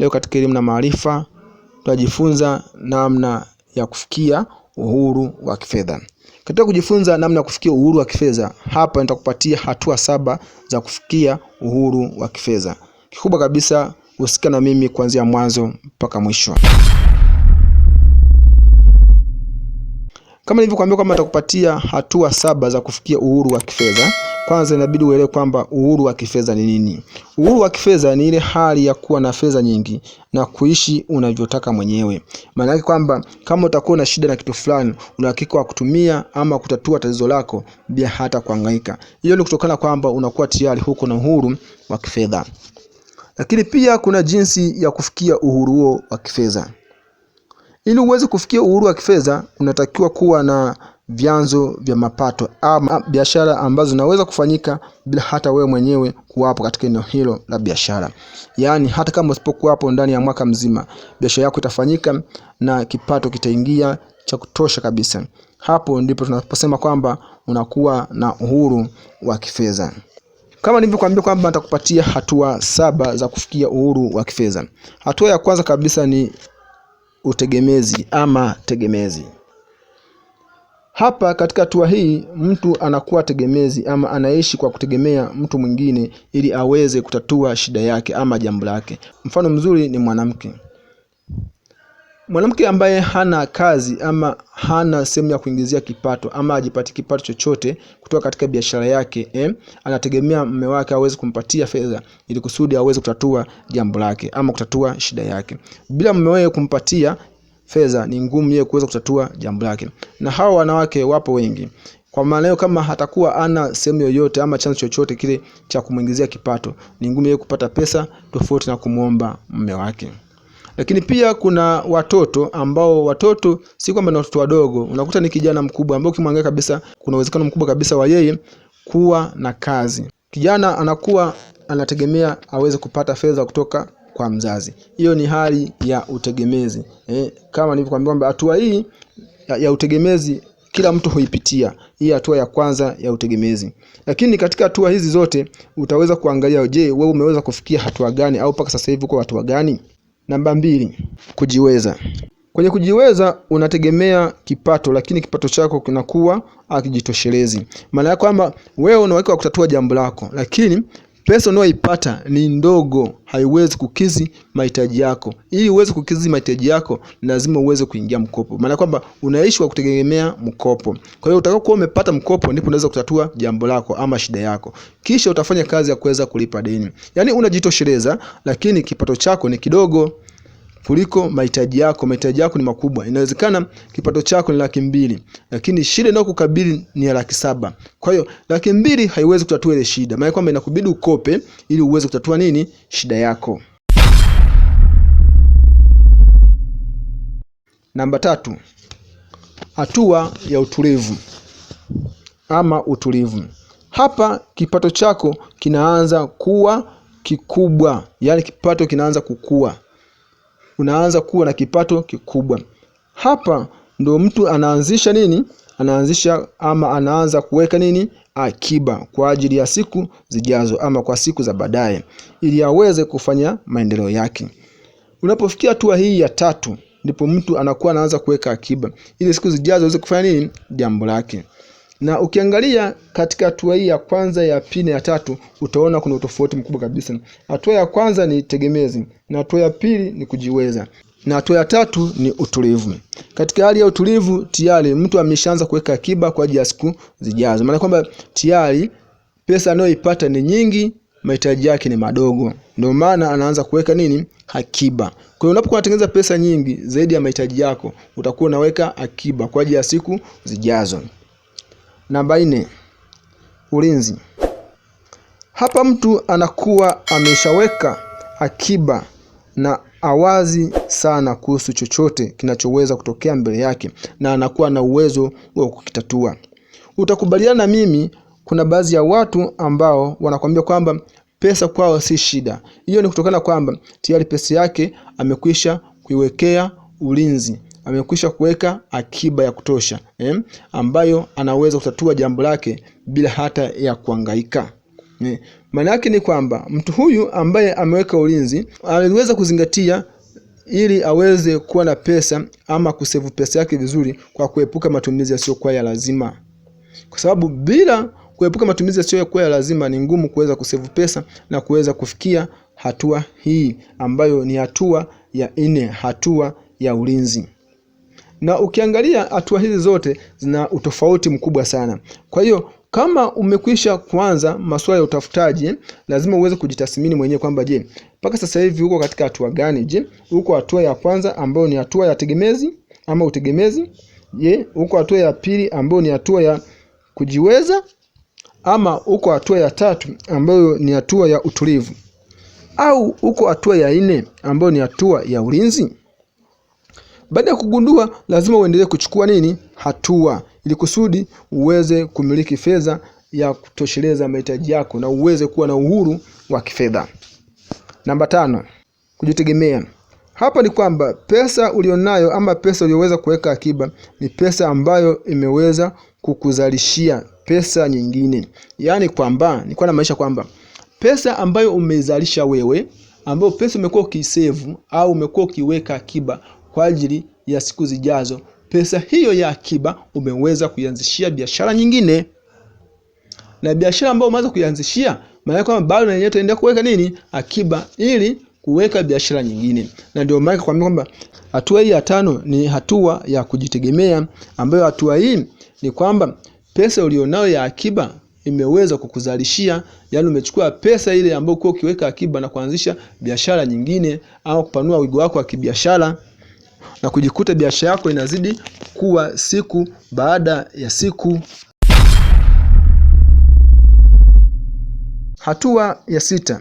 Leo katika elimu na maarifa tutajifunza namna ya kufikia uhuru wa kifedha. Katika kujifunza namna ya kufikia uhuru wa kifedha, hapa nitakupatia hatua saba za kufikia uhuru wa kifedha. Kikubwa kabisa, husika na mimi kuanzia mwanzo mpaka mwisho. Kama nilivyokuambia kwamba nitakupatia hatua saba za kufikia uhuru wa kifedha, kwanza inabidi uelewe kwamba uhuru wa kifedha ni nini. Uhuru wa kifedha ni ile hali ya kuwa na fedha nyingi na kuishi unavyotaka mwenyewe. Maana yake kwamba kama utakuwa na shida na kitu fulani, una hakika wa kutumia ama kutatua tatizo lako bila hata kuhangaika. Hiyo ni kutokana kwamba unakuwa tayari huko na uhuru wa kifedha. Lakini pia kuna jinsi ya kufikia uhuru huo wa kifedha. Ili uweze kufikia uhuru wa kifedha, unatakiwa kuwa na vyanzo vya mapato ama biashara ambazo zinaweza kufanyika bila hata wewe mwenyewe kuwapo katika eneo hilo la biashara. Yaani hata kama usipokuwapo ndani ya mwaka mzima, biashara yako itafanyika na kipato kitaingia cha kutosha kabisa. Hapo ndipo tunaposema kwamba unakuwa na uhuru wa kifedha. Kama nilivyokuambia kwamba nitakupatia hatua saba za kufikia uhuru wa kifedha. Hatua ya kwanza kabisa ni utegemezi ama tegemezi. Hapa katika hatua hii mtu anakuwa tegemezi ama anaishi kwa kutegemea mtu mwingine ili aweze kutatua shida yake ama jambo lake. Mfano mzuri ni mwanamke. Mwanamke ambaye hana kazi ama hana sehemu ya kuingizia kipato ama ajipati kipato chochote kutoka katika biashara yake eh, anategemea mume wake aweze kumpatia fedha ili kusudi aweze kutatua jambo lake ama kutatua shida yake. Bila mume wake kumpatia fedha, ni ngumu yeye kuweza kutatua jambo lake, na hawa wanawake wapo wengi. Kwa maana hiyo, kama hatakuwa ana sehemu yoyote ama chanzo chochote kile cha kumwingizia kipato, ni ngumu yeye kupata pesa tofauti na kumwomba mume wake. Lakini pia kuna watoto ambao watoto si kwamba ni watoto wadogo, unakuta ni kijana mkubwa ambaye ukimwangalia kabisa kuna uwezekano mkubwa kabisa wa yeye kuwa na kazi. Kijana anakuwa anategemea aweze kupata fedha kutoka kwa mzazi. Hiyo ni hali ya utegemezi. Eh, kama nilivyokuambia kwamba hatua hii ya, ya utegemezi kila mtu huipitia hii hatua ya kwanza ya utegemezi. Lakini katika hatua hizi zote utaweza kuangalia, je, wewe umeweza kufikia hatua gani au mpaka sasa hivi uko hatua gani? Namba mbili, kujiweza. Kwenye kujiweza unategemea kipato, lakini kipato chako kinakuwa akijitoshelezi Maana ya kwamba wewe una uhakika wa kutatua jambo lako, lakini pesa unayoipata ni ndogo, haiwezi kukizi mahitaji yako. Ili uweze kukizi mahitaji yako, lazima uweze kuingia mkopo, maana kwamba unaishi kwa kutegemea mkopo. Kwa hiyo utakapokuwa umepata mkopo, ndipo unaweza kutatua jambo lako ama shida yako, kisha utafanya kazi ya kuweza kulipa deni. Yaani unajitosheleza, lakini kipato chako ni kidogo kuliko mahitaji yako. Mahitaji yako ni makubwa. Inawezekana kipato chako ni laki mbili, lakini shida inayokukabili ni ya laki saba. Kwa hiyo laki mbili haiwezi kutatua ile shida, maana kwamba inakubidi ukope ili uweze kutatua nini shida yako. Namba tatu, hatua ya utulivu ama utulivu. Hapa kipato chako kinaanza kuwa kikubwa, yaani kipato kinaanza kukua unaanza kuwa na kipato kikubwa. Hapa ndo mtu anaanzisha nini? Anaanzisha ama anaanza kuweka nini? Akiba kwa ajili ya siku zijazo ama kwa siku za baadaye ili aweze kufanya maendeleo yake. Unapofikia hatua hii ya tatu ndipo mtu anakuwa anaanza kuweka akiba ili siku zijazo aweze kufanya nini? Jambo lake. Na ukiangalia katika hatua hii ya kwanza, ya pili na ya tatu, utaona kuna utofauti mkubwa kabisa. Hatua ya kwanza ni tegemezi, na hatua ya pili ni kujiweza, na hatua ya tatu ni utulivu. Katika hali ya utulivu, tayari mtu ameshaanza kuweka akiba kwa ajili ya siku zijazo, maana kwamba tayari pesa anayoipata ni nyingi, mahitaji yake ni madogo, ndio maana anaanza kuweka nini, akiba. Kwa hiyo unapokuwa unatengeneza pesa nyingi zaidi ya mahitaji yako, utakuwa unaweka akiba kwa ajili ya siku zijazo. Namba nne, ulinzi. Hapa mtu anakuwa ameshaweka akiba na awazi sana kuhusu chochote kinachoweza kutokea mbele yake na anakuwa na uwezo wa kukitatua. Utakubaliana na mimi, kuna baadhi ya watu ambao wanakwambia kwamba pesa kwao si shida. Hiyo ni kutokana kwamba tayari pesa yake amekwisha kuiwekea ulinzi amekwisha kuweka akiba ya kutosha eh, ambayo anaweza kutatua jambo lake bila hata ya kuangaika. Eh, maana yake ni kwamba mtu huyu ambaye ameweka ulinzi aliweza kuzingatia ili aweze kuwa na pesa ama kusevu pesa yake vizuri kwa kuepuka matumizi yasiyokuwa ya lazima, kwa sababu bila kuepuka matumizi yasiyokuwa ya lazima ni ngumu kuweza kusevu pesa na kuweza kufikia hatua hii ambayo ni hatua ya nne, hatua ya ulinzi na ukiangalia hatua hizi zote zina utofauti mkubwa sana. Kwa hiyo kama umekwisha kuanza masuala ya utafutaji, lazima uweze kujitathmini mwenyewe kwamba je, mpaka sasa hivi uko katika hatua gani? Je, uko hatua ya kwanza ambayo ni hatua ya tegemezi ama utegemezi? Je, uko hatua ya pili ambayo ni hatua ya kujiweza ama uko hatua ya tatu ambayo ni hatua ya utulivu, au uko hatua ya nne ambayo ni hatua ya ulinzi? Baada ya kugundua, lazima uendelee kuchukua nini hatua, ili kusudi uweze kumiliki fedha ya kutosheleza mahitaji yako na uweze kuwa na uhuru wa kifedha. Namba tano, kujitegemea. Hapa ni kwamba pesa ulionayo ama pesa uliyoweza kuweka akiba ni pesa ambayo imeweza kukuzalishia pesa nyingine, yaani kwamba nilikuwa na maisha kwamba pesa ambayo umezalisha wewe, ambayo pesa umekuwa ukiisevu au umekuwa ukiweka akiba, kwa ajili ya siku zijazo. Pesa hiyo ya akiba umeweza kuianzishia biashara nyingine, na biashara ambayo umeweza kuianzishia, maana kwamba bado na yenyewe tuendelea kuweka nini akiba ili kuweka biashara nyingine. Na ndio maana kwa kwamba hatua hii ya tano ni hatua ya kujitegemea, ambayo hatua hii ni kwamba pesa ulionayo ya akiba imeweza kukuzalishia, yani umechukua pesa ile ambayo ukiweka akiba na kuanzisha biashara nyingine au kupanua wigo wako wa kibiashara na kujikuta biashara yako inazidi kuwa siku baada ya siku. Hatua ya sita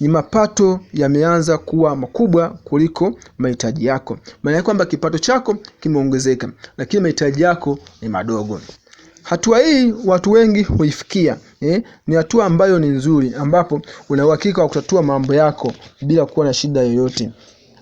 ni mapato yameanza kuwa makubwa kuliko mahitaji yako. Maana ya kwamba kipato chako kimeongezeka, lakini mahitaji yako ni madogo. Hatua hii watu wengi huifikia eh? Ni hatua ambayo ni nzuri, ambapo una uhakika wa kutatua mambo yako bila kuwa na shida yoyote,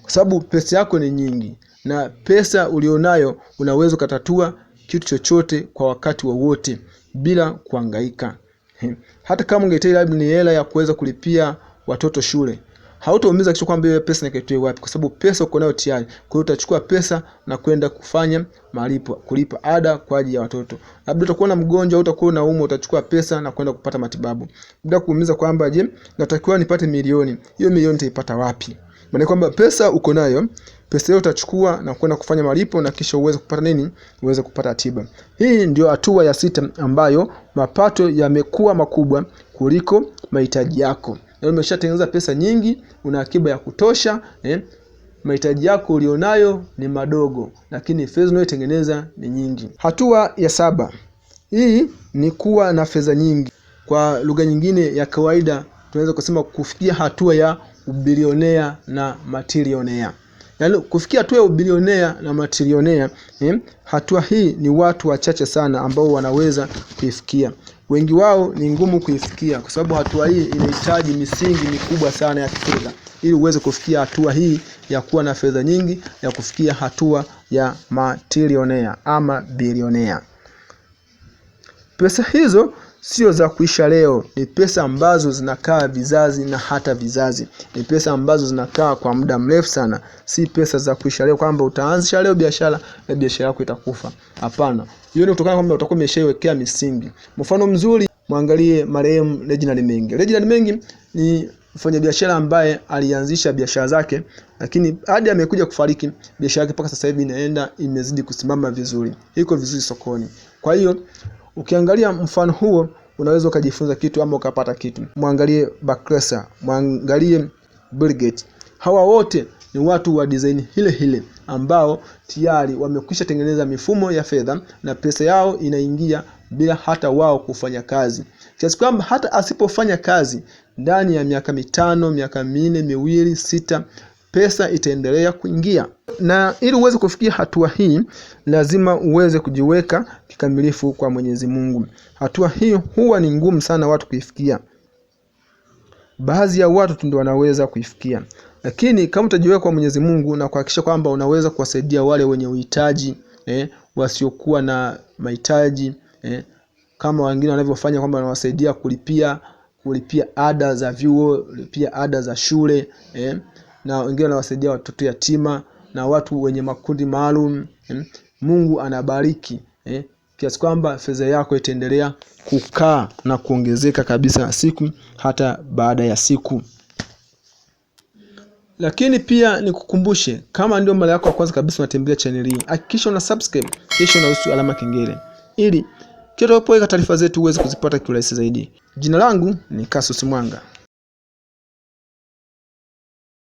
kwa sababu pesa yako ni nyingi na pesa ulionayo unaweza ukatatua kitu chochote kwa wakati wowote wa bila kuangaika. Hata kama ungeitaji labda ni hela ya kuweza kulipia watoto shule, hautaumiza kichwa kwamba hiyo pesa nikaitoe wapi, kwa sababu pesa uko nayo tayari. Kwa hiyo utachukua pesa na kwenda kufanya malipo, kulipa ada kwa ajili ya watoto. Labda utakuwa na mgonjwa au utakuwa na umo, utachukua pesa na kwenda kupata matibabu, bila kuumiza kwamba je, natakiwa nipate milioni hiyo, milioni nitaipata wapi? Maana kwamba pesa uko nayo, pesa hiyo utachukua na kwenda kufanya malipo na kisha uweze kupata nini? Uweze kupata tiba. Hii ndio hatua ya sita ambayo mapato yamekuwa makubwa kuliko mahitaji yako. Na umeshatengeneza pesa nyingi, una akiba ya kutosha, eh? Mahitaji yako ulionayo ni madogo, lakini fedha unayotengeneza ni nyingi. Hatua ya saba hii ni kuwa na fedha nyingi. Kwa lugha nyingine ya kawaida tunaweza kusema kufikia hatua ya ubilionea na matilionea yaani kufikia hatua ya ubilionea na matilionea eh, hatua hii ni watu wachache sana ambao wanaweza kuifikia wengi wao ni ngumu kuifikia kwa sababu hatua hii inahitaji misingi mikubwa sana ya kifedha ili uweze kufikia hatua hii ya kuwa na fedha nyingi ya kufikia hatua ya matilionea ama bilionea pesa hizo sio za kuisha leo, ni pesa ambazo zinakaa vizazi na hata vizazi, ni pesa ambazo zinakaa kwa muda mrefu sana, si pesa za kuisha leo, kwamba utaanzisha leo biashara na biashara yako itakufa. Hapana, hiyo ni kutokana kwamba utakuwa umeshaiwekea misingi. Mfano mzuri mwangalie marehemu Reginald Mengi. Reginald Mengi ni mfanyabiashara ambaye alianzisha biashara zake, lakini hadi amekuja kufariki biashara yake mpaka sasa hivi inaenda imezidi kusimama vizuri, iko vizuri sokoni. Kwa hiyo Ukiangalia mfano huo unaweza ukajifunza kitu ama ukapata kitu. Mwangalie Bakresa, mwangalie Bill Gates. Hawa wote ni watu wa design hile hile ambao tayari wamekwisha tengeneza mifumo ya fedha na pesa yao inaingia bila hata wao kufanya kazi, kiasi kwamba hata asipofanya kazi ndani ya miaka mitano, miaka minne, miwili, sita pesa itaendelea kuingia. Na ili uweze kufikia hatua hii, lazima uweze kujiweka kikamilifu kwa Mwenyezi Mungu. Hatua hii huwa ni ngumu sana watu kuifikia, baadhi ya watu ndio wanaweza kuifikia, lakini kama utajiweka kwa Mwenyezi Mungu na kuhakikisha kwamba unaweza kuwasaidia wale wenye uhitaji eh, wasiokuwa na mahitaji eh, kama wengine wanavyofanya kwamba wanawasaidia kulipia kulipia ada za vyuo, kulipia ada za shule eh na wengine wanawasaidia watoto yatima na watu wenye makundi maalum eh? Mungu anabariki eh? kiasi kwamba fedha yako itaendelea kukaa na kuongezeka kabisa siku hata baada ya siku lakini pia nikukumbushe kama ndio mara yako ya kwanza kabisa unatembelea channel hii hakikisha una subscribe kisha unahusu alama kengele ili kila tunapoweka taarifa zetu uweze kuzipata kiurahisi zaidi jina langu ni kasus mwanga